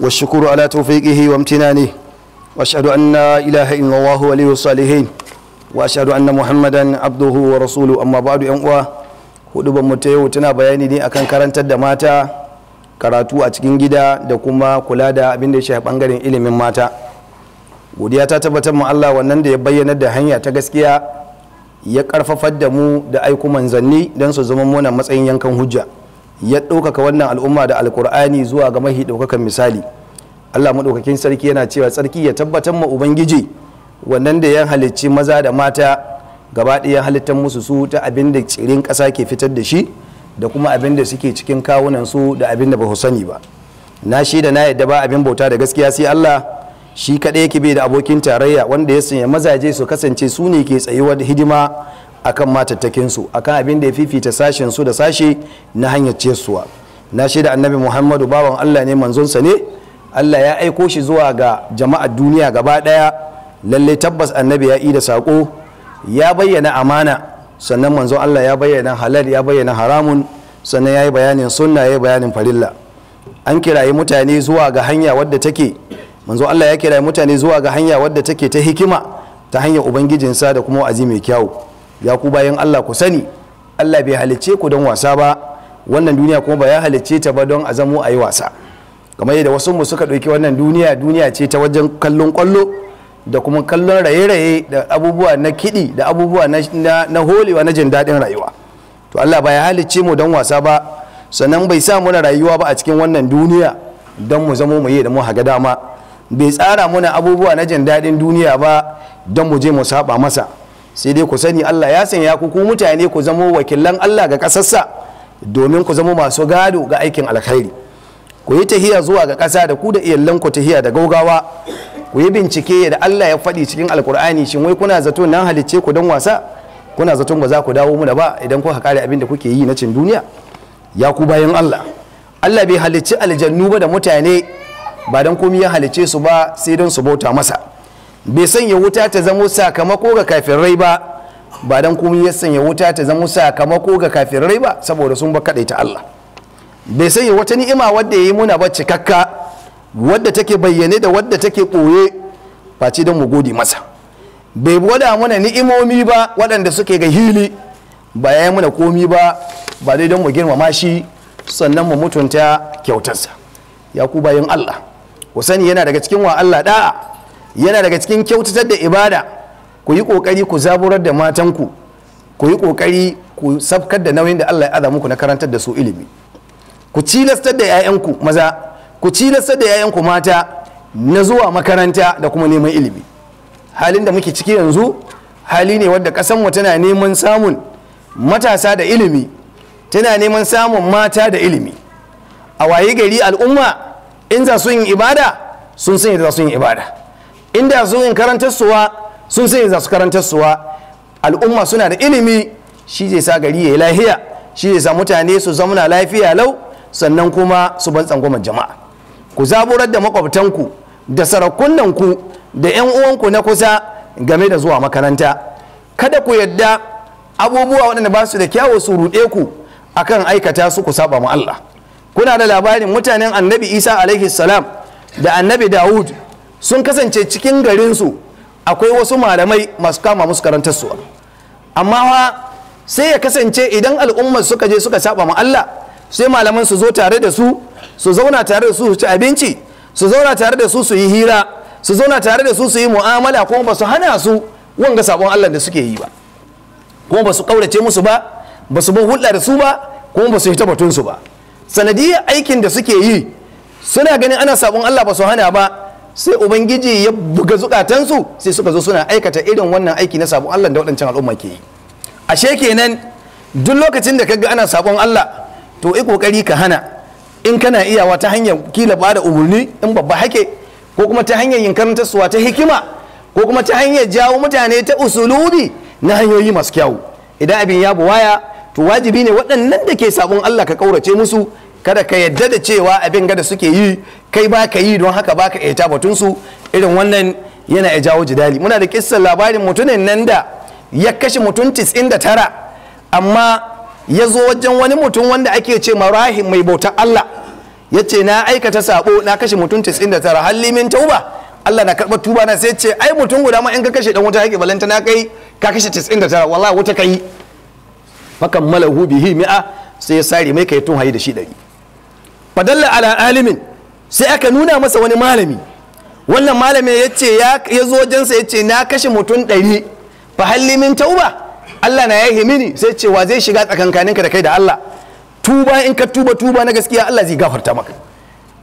والشكر على توفيقه وامتنانه واشهد ان لا اله الا الله ولي الصالحين واشهد ان محمدا عبده ورسوله amma ba'du yan uwa huduban mu ta yau tana bayani ne akan karantar da mata karatu a cikin gida da kuma kula da abin da ya shafi bangaren ilimin mata godiya ta tabbatar mu Allah wannan da ya bayyana da hanya ta gaskiya ya karfafar da mu da aiku manzanni don su zama muna matsayin yankan hujja ya ɗaukaka wannan al'umma da alkur'ani zuwa ga mahi ɗaukakan misali allah maɗaukakin sarki yana cewa sarki ya tabbatar ma ubangiji wannan da ya halicci maza da mata gaba ɗaya halittar musu su ta abin da tsirin ƙasa ke fitar da shi da kuma abin da suke cikin kawunan su da abin da ba su sani ba na shi da na yadda ba abin bauta da gaskiya sai allah shi kaɗai yake bai da abokin tarayya wanda ya sanya mazaje su kasance su ne ke tsayuwar hidima akan matattakinsu akan abin da ya fifita sashen su da sashe na hanyar cesuwa na shaida annabi muhammadu baban allah ne manzonsa ne allah ya aiko shi zuwa ga jama'ar duniya gaba daya lalle tabbas annabi ya da sako ya bayyana amana sannan manzon allah ya bayyana halal ya bayyana haramun sannan ya yi bayanin sunna ya yi bayanin farilla an kirayi mutane zuwa ga hanya wadda take manzo Allah ya kirayi mutane zuwa ga hanya wadda take ta hikima ta hanyar ubangijinsa da kuma wa'azi mai kyau ya ku bayan Allah ku sani Allah bai halicce ku don wasa ba wannan duniya kuma ba ya halicce ta ba don a zamo a yi wasa kamar yadda wasu mu suka ɗauki wannan duniya duniya ce ta wajen kallon kwallo da kuma kallon raye-raye da abubuwa na kiɗi da abubuwa na holewa na jin daɗin rayuwa to Allah ba ya halicce mu don wasa ba sannan bai sa muna rayuwa ba a cikin wannan duniya don mu zamo mu yi da mu haga dama bai tsara muna abubuwa na jin daɗin duniya ba don mu je mu saba masa sai dai ku sani Allah ya sanya ku ku mutane ku zamo wakilan Allah ga kasarsa domin ku zamo masu gado ga aikin alkhairi ku yi tahiya zuwa ga kasa da ku da iyalan ku tahiya da gaugawa ku yi bincike da Allah ya faɗi cikin alkur'ani shin wai kuna zato nan halicce ku don wasa kuna zaton ba za ku dawo mu da ba idan ku kare abin da kuke yi na cin duniya ya ku bayan Allah Allah bai halicci aljannu ba da mutane ba don komai ya halicce su ba sai don su bauta masa bai sanya wuta ta zama sakamako ga kafirai ba ba dan kuma ya sanya wuta ta zama sakamako ga kafirai ba saboda sun ba ta Allah bai sanya wata ni'ima wadda ya yi muna ba cikakka wadda take bayyane da wadda take ɓoye face don mu gode masa bai gwada mana ni'imomi ba waɗanda suke ga hili ba ya yi mana komi ba ba dai don mu girmama shi sannan mu mutunta kyautarsa ya ku bayan Allah ku sani yana daga cikin wa Allah da'a yana daga cikin kyautatar da ibada ku yi kokari ku zaburar da matanku ku yi kokari ku sabkar da nauyin da Allah ya azamu ku na karantar da su ilimi ku cilastar da 'ya'yanku maza ku cilastar da 'ya'yanku mata na zuwa makaranta da kuma neman ilimi halin da muke ciki yanzu hali ne wadda mu tana neman samun matasa da ilimi tana neman samun mata da ilimi a waye gari al'umma in za su yin ibada sun sanya da za su yin ibada inda su in karantar suwa sun sai za su karantar suwa al'umma suna da ilimi shi zai sa gari ya yi lafiya shi zai sa mutane su zamuna lafiya lau sannan kuma su ban tsangwamar jama'a ku zaburar da makwabtanku da sarakunanku da 'yan uwanku na kusa game da zuwa makaranta kada ku yadda abubuwa waɗanda ba su da kyawu su ruɗe ku akan aikata su ku saba mu Allah kuna da labarin mutanen annabi Isa alaihi salam da annabi Dawud sun kasance cikin garinsu akwai wasu malamai masu kama musu karantar amma fa sai ya kasance idan al'umma suka je suka saba ma Allah sai malaman su zo tare da su su zauna tare da su su ci abinci su zauna tare da su su yi hira su zauna tare da su su yi mu'amala kuma ba su hana su wanga sabon Allah da suke yi ba kuma ba su kaurace musu ba ba su bar hulɗa da su ba kuma ba su yi batun su ba sanadiyar aikin da suke yi suna ganin ana sabon Allah ba su hana ba sai ubangiji ya buga zukatansu sai suka zo suna aikata irin wannan aiki na sabon Allah da waɗancan al'umma ke yi ashe kenan duk lokacin da kaga ana sabon Allah to yi kokari ka hana in kana iyawa ta hanyar kila bada da umarni in babba hake ko kuma ta hanyar yin suwa ta hikima ko kuma ta hanyar jawo mutane ta usulubi na hanyoyi masu kyau? idan abin ya buwaya to wajibi ne waɗannan da ke sabon Allah ka kaurace musu kada ka yadda da cewa abin gada suke yi kai ba ka yi don haka ba ka iya batunsu irin wannan yana ya jawo jidali muna da kissan labarin mutumin nan da ya kashe mutum 99 amma ya zo wajen wani mutum wanda ake ce marahim mai bautar Allah ya ce na aikata sabo na kashe mutum 99 halli min tauba Allah na karɓar tuba na sai ce ai mutum guda ma in ka kashe dan wuta yake balanta na kai ka kashe 99 wallahi wuta kai fakan malahu bihi mi'a sai ya sare mai kai tun hayi da shi ɗari fadalla ala alimin sai aka nuna masa wani malami wannan malami ya ce ya zo wajensa ya ce na kashe mutum ɗari fa min tauba Allah na yahi mini sai ce wa zai shiga tsakankaninka da kai da Allah tuba in ka tuba tuba na gaskiya Allah zai gafarta maka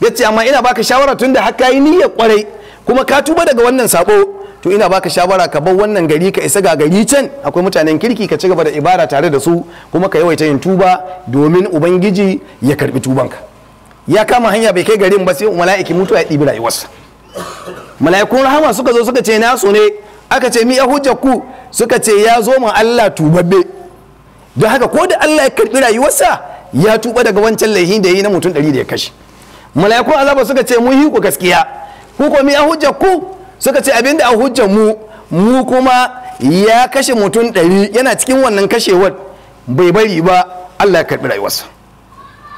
ya ce amma ina baka shawara tun da haka yi niyyar kwarai kuma ka tuba daga wannan sako to ina baka shawara ka bar wannan gari ka isa ga gari can akwai mutanen kirki ka ci gaba da ibada tare da su kuma ka yawaita yin tuba domin ubangiji ya karbi tubanka ya kama hanya bai kai garin ba sai mala'iki mutu ya ɗibi rayuwarsa mala'ikun rahama suka zo suka ce nasu ne aka ce mi ya ku suka ce ya zo ma Allah tubabbe don haka ko da Allah ya karɓi rayuwarsa ya tuba daga wancan laihin da ya yi na mutum ɗari da ya kashe mala'ikun azaba suka ce mun yi ku gaskiya ku ko mi ya ku suka ce abinda a hujjar mu mu kuma ya kashe mutum ɗari yana cikin wannan kashewar bai bari ba Allah ya karɓi rayuwarsa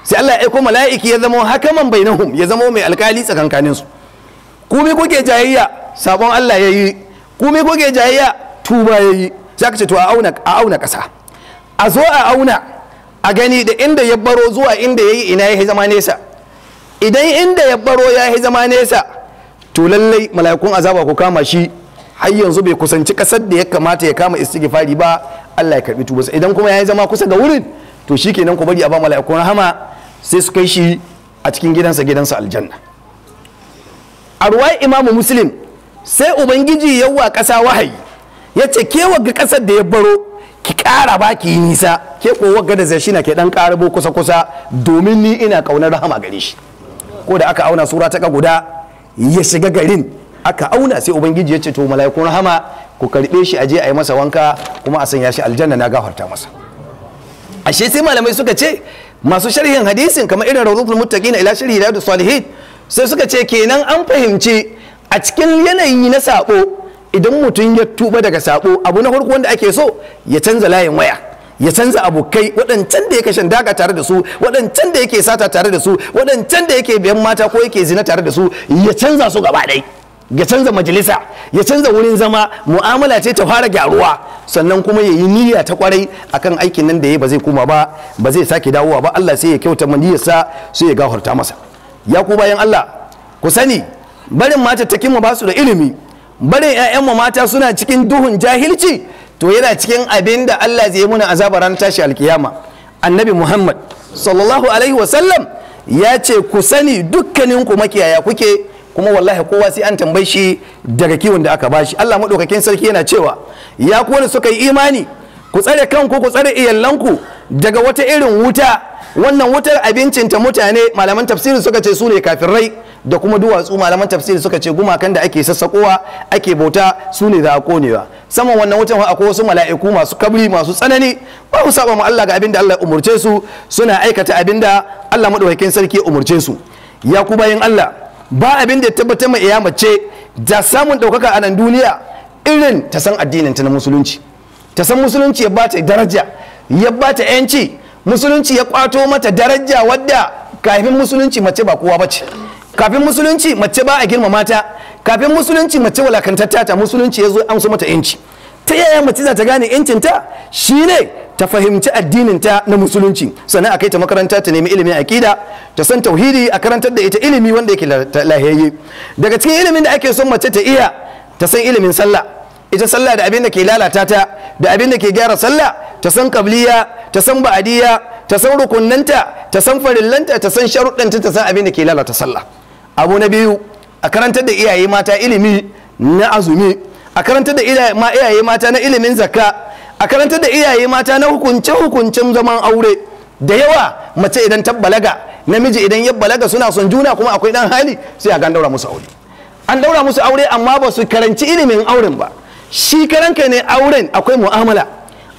sai Allah ya aiko mala'iki ya zama hakaman bainahum ya zama mai alkali tsakankanin su ku me kuke jayayya sabon Allah ya yi ku me kuke jayayya tuba ya yi Za ka ce to a auna a a zo a auna a gani da inda ya baro zuwa inda ya yi ina ya zama nesa idan inda ya baro ya yi zama nesa to lallai mala'ikun azaba ku kama shi har yanzu bai kusanci ƙasar da ya kamata ya kama istighfari ba Allah ya karbi tuba idan kuma ya yi zama kusa ga wurin to shikenan ku bari a ba mala'ikun rahama sai su kai shi a cikin gidansa gidansa aljanna a ruwai imamu muslim sai ubangiji yawa ƙasa wahayi ya ce ke ga ƙasar da ya baro ki ƙara ba ki nisa ke ko wagga da zashina ke dan ƙarabo kusa kusa domin ni ina ƙaunar rahama gare shi ko da aka auna sura ta guda ya shiga garin aka auna sai ubangiji ya ce to mala'ikun rahama ku karɓe shi aje a yi masa wanka kuma a sanya shi aljanna na gafarta masa ashe sai malamai suka ce masu sharhin hadisin kamar irin rawdatul muttaqin ila sharhi da salihin sai suka ce kenan an fahimci a cikin yanayi na sabo idan mutum ya tuba daga sabo abu na farko wanda ake so ya canza layin waya ya canza abokai waɗancan da yake shan daga tare da su waɗancan da yake sata tare da su waɗancan da yake biyan mata ko yake zina tare da su ya canza su gaba ɗaya ya canza majalisa ya canza wurin zama mu'amala ce ta fara gyaruwa sannan kuma ya yi niyya ta kwarai akan aikin nan da ya ba zai koma ba ba zai sake dawowa ba Allah sai ya kyauta maniyarsa sai ya gafarta masa ya ku bayan Allah ku sani barin mata ta kima ba su da ilimi barin 'ya'yan mu mata suna cikin duhun jahilci to yana cikin abin da Allah zai yi muna azaba ran tashi alkiyama annabi Muhammad sallallahu alaihi wasallam ya ce ku sani dukkaninku makiyaya kuke kuma wallahi kowa sai an tambaye shi daga kiwon da aka bashi Allah madaukakin sarki yana cewa ya ku wani suka yi imani ku tsare kanku ku tsare iyalanku daga wata irin wuta wannan wutar abincin ta mutane malaman tafsiri suka ce su ne kafirai da kuma duwatsu malaman tafsiri suka ce gumakan da ake sassakowa ake bauta su ne za a konewa saman wannan wutan akwai wasu mala'iku masu kabri masu tsanani ba su saba mu Allah ga abinda Allah umurce su suna aikata abinda Allah madaukakin sarki ya umurce su ya ku bayin Allah ba abin da ya tabbatar mai iya mace da samun ɗaukaka a nan duniya irin ta san addinin ta na musulunci ta san musulunci ya ba ta daraja ya ba ta yanci musulunci ya kwato mata daraja wadda kafin musulunci mace ba kowa bace kafin musulunci mace ba a girmama mata kafin musulunci mace walakantatta ta musulunci ya zo an so mata yanci ta yaya mace za ta gane yancin ta shine ta fahimci addinin ta na musulunci sannan a kai ta makaranta ta nemi ilimin aqida ta san tauhidi a karantar da ita ilimi wanda yake lahiyayye daga cikin ilimin da ake son mace ta iya ta san ilimin sallah ita sallah da abin da ke lalata ta da abin da ke gyara sallah ta san qabliya ta san ba'adiyya ta san rukunnanta ta san farillanta ta san sharuɗanta ta san abin da ke lalata sallah abu na biyu a karantar da iyaye mata ilimi na azumi a karantar da iyaye mata na ilimin zakka a karantar da iyaye mata na hukunce hukuncen zaman aure da yawa mace idan ta balaga namiji idan ya balaga suna son juna kuma akwai dan hali sai a gan daura musu aure an daura musu aure amma ba su karanci ilimin auren ba shi karanka ne auren akwai mu'amala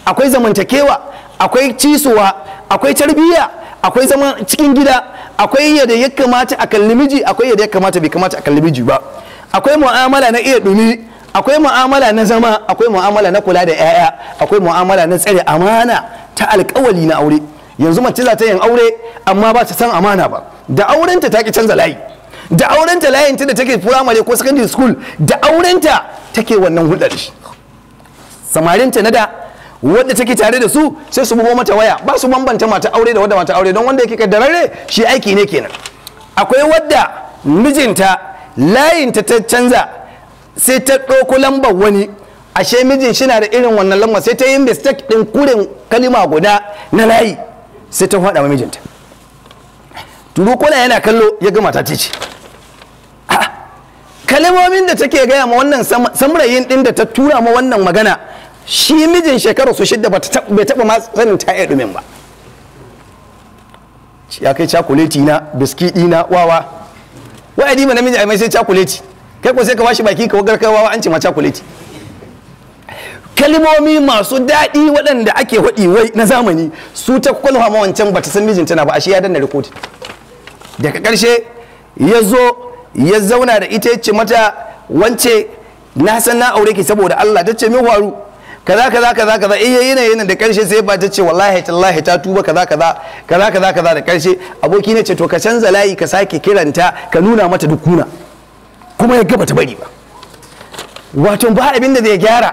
akwai zamantakewa akwai cisuwa akwai tarbiyya akwai zaman cikin gida akwai yadda ya kamata a kalli miji akwai yadda ya kamata bai kamata a kalli miji ba akwai mu'amala na iya dumi akwai mu'amala na zama akwai mu'amala na kula da 'ya'ya akwai mu'amala na tsare amana ta alkawali na aure yanzu mace za ta yin aure amma ba ta san amana ba da aurenta ta ki canza layi da aurenta layinta da take firamare ko secondary school da aurenta take wannan hulɗar samarinta na da wanda take tare da su sai su bugo mata waya ba su bambanta mata aure da wanda mata aure don wanda yake kaddarare shi aiki ne kenan akwai wadda mijinta layinta ta canza sai ta ɗauko lambar wani ashe mijin shi na da irin wannan lambar sai ta yi mistake ɗin kurin kalima guda na layi sai ta faɗa wa mijinta turukuna yana kallo ya gama ta ce kalimomin da take gaya ma wannan samurayin ɗin da ta tura ma wannan magana shi mijin shekaru su shidda bai taɓa ma sanin ta iya ɗumin ba ya kai cakuleti na biskidi na wawa wa'adi ma namiji a mai sai cakuleti kai kuma sai ka bashi baki ka wagar wawa an ce cakuleti kalmomi masu daɗi waɗanda ake waɗi wai na zamani su ta kwalwa ma wancan bata san mijin tana ba a shi ya danna rikodi daga karshe ya ya zauna da ita mata wance na san na aure ki saboda Allah ta ce min waru kaza kaza kaza kaza eh da karshe sai ba ta ce wallahi tallahi ta tuba kaza kaza kaza kaza kaza da karshe aboki ne ce to ka canza layi ka sake kiranta ka nuna mata dukuna kuma ya gaba ta bari ba wato ba abin da zai gyara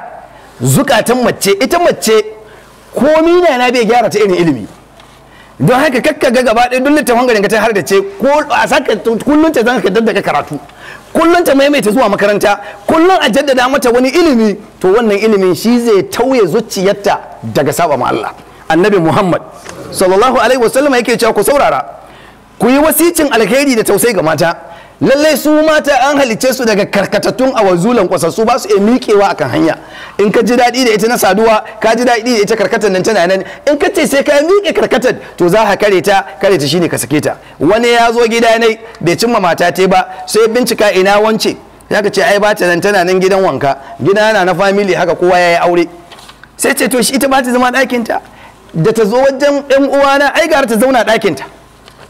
zukatan mace ita mace komi na na bai gyara ta irin ilimi don haka kakka ga gaba ɗaya duk littafin garin ta har da ce a saka kullun ta zanka da ka karatu kullun ta maimaita zuwa makaranta kullun a jaddada mata wani ilimi to wannan ilimin shi zai tauye zuciyarta daga saba ma Allah annabi Muhammad sallallahu alaihi wasallam yake cewa ku saurara ku yi wasicin alheri da tausayi ga mata lallai su mata an halicce su daga karkatattun a wazulan kwasassu ba su iya miƙewa akan hanya in ka ji daɗi da ita na saduwa ka ji daɗi da ita karkatar nan tana nan in ka ce sai ka miƙe karkatar to za ka kare ta kare ta shine ka sake ta wani ya zo gida ne bai cimma mata te ba sai bincika ina wance zaka ce ai ba ta nan tana nan gidan wanka gida na na family haka kowa ya yi aure sai ce to shi ita ba ta zama ta da ta zo wajen 'yan uwana ai gara ta zauna ɗakin ta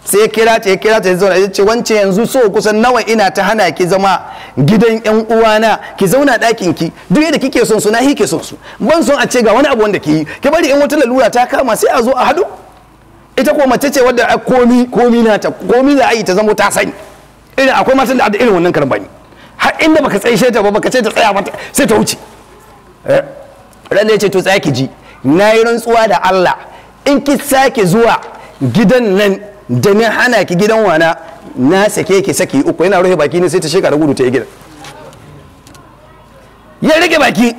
sai kira ta kira ta zauna ya ce wance yanzu so kusan nawa ina ta hana ki zama gidan yan uwana ki zauna ɗakin ki duk yadda kike son su na hi ke son su ban son a ce ga wani abu wanda ki yi ki bari in wata lalura ta kama sai a zo a haɗu ita ko mace ce wadda komi komi na ta komi za a yi ta zamo ta sani irin akwai matan da irin wannan ne har inda baka tsaye ta ba baka ce ta tsaya mata sai ta wuce eh, ran da ya ce to tsaya ki ji na yi rantsuwa da Allah in ki sake zuwa gidan nan da ni hana ki gidan wana na sake ki saki uku yana rufe baki ne sai ta da gudu ta yi gidan ya rike baki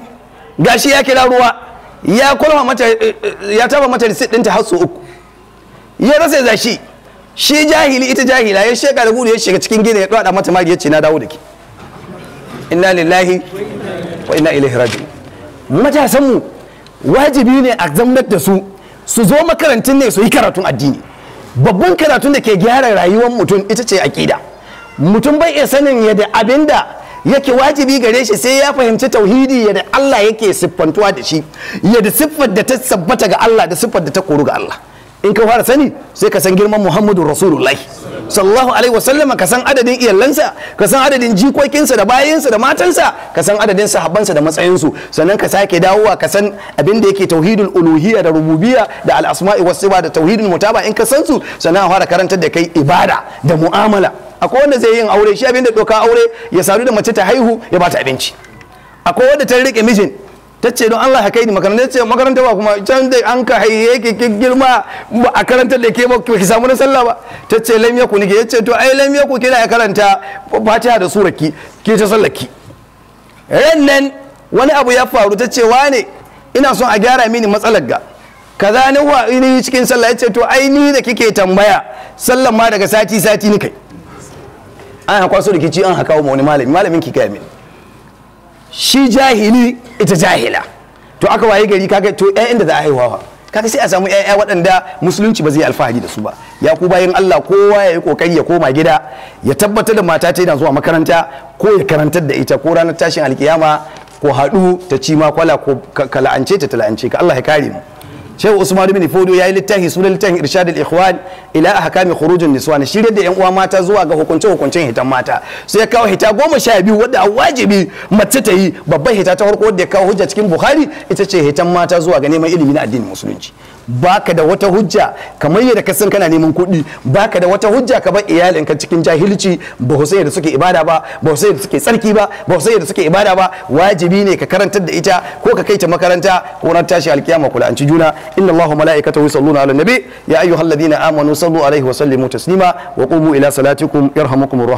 gashi ya kira ruwa ya kulma mata eh, eh, ya taba mata risit ta hasu uku ya rasa zashi shi jahili ita jahila ya sheka da gudu ya shiga cikin gida ya ɗaɗa mata mari ya ce na dawo da ke inna lillahi wa inna ilaihi raji'un matasan mu wajibi ne a zammar da su su zo makarantun ne su yi karatun addini babban karatun da ke gyara rayuwar mutum ita ce aƙida mutum bai iya sanin yadda abin da yake wajibi gare shi sai ya fahimci tauhidi yadda Allah yake siffantuwa da shi yadda siffar da ta sabbata ga Allah da siffar da ta koru ga Allah in ka fara sani sai ka san girman muhammadu rasulullahi sallallahu alaihi wasallama ka san adadin iyalansa ka san adadin jikokinsa da bayansa da matansa ka san adadin sahabbansa da matsayinsu sannan ka sake dawowa ka san abin da yake tauhidul uluhiyya da rububiyya da al-asma'i was da tauhidul mutaba in ka san su sannan fara karantar da kai ibada da mu'amala akwai wanda zai yin aure shi abin da doka aure ya sadu da mace ta haihu ya bata abinci akwai wanda ta rike mijin ta ce don Allah ya kai ni makaranta ce makaranta ba kuma can da an ka haye ki ki girma ba a karanta da ke ba ki samu na sallah ba ta ce lam yaku ni ya ce to ai lam yaku kina ya karanta fatiha da suraki ki ta sallaki rannan wani abu ya faru ta ce wane ina son a gyara mini matsalar ga kaza ni wa ni cikin sallah ya ce to ai ni da kike tambaya sallan ma daga sati sati ni kai an hakwaso su rikici an hakawo ma wani malami malamin ki kai min shi jahili ita jahila to aka waye gari kaga to ƴaƴan da za a haihuwa kaga sai a samu ƴaƴa waɗanda musulunci ba zai alfahari da su ba ya ku bayan Allah kowa ya yi kokari ya koma gida ya tabbatar da mata ta yana zuwa makaranta ko ya karantar da ita ko ranar tashin alkiyama ko haɗu ta ci ma kwala ko kala'ance ta tala'ance ka Allah ya kare mu shehu usman bin fodo ya yi littafi sunan littafin irshadul ikhwan ila ahkami kurujin niswan shirye da yan uwa mata zuwa ga hukunce hukuncen hitan mata sai ya kawo hita goma sha biyu wadda a wajibi mace ta yi babban hita ta farko wadda ya kawo hujja cikin bukhari ita ce hitan mata zuwa ga neman ilimi na addinin musulunci baka da wata hujja kamar yadda ka san kana neman kuɗi baka da wata hujja ka bar iyalinka cikin jahilci ba su da suke ibada ba ba su da suke tsarki ba ba su da suke ibada ba wajibi ne ka karantar da ita ko ka kai ta makaranta ko na tashi alkiyama kula an ci juna inna allahu malaikatahu yusalluna ala nabi ya ayyuhalladhina amanu sallu alaihi wa sallimu taslima wa qumu ila salatikum yarhamukumur rahman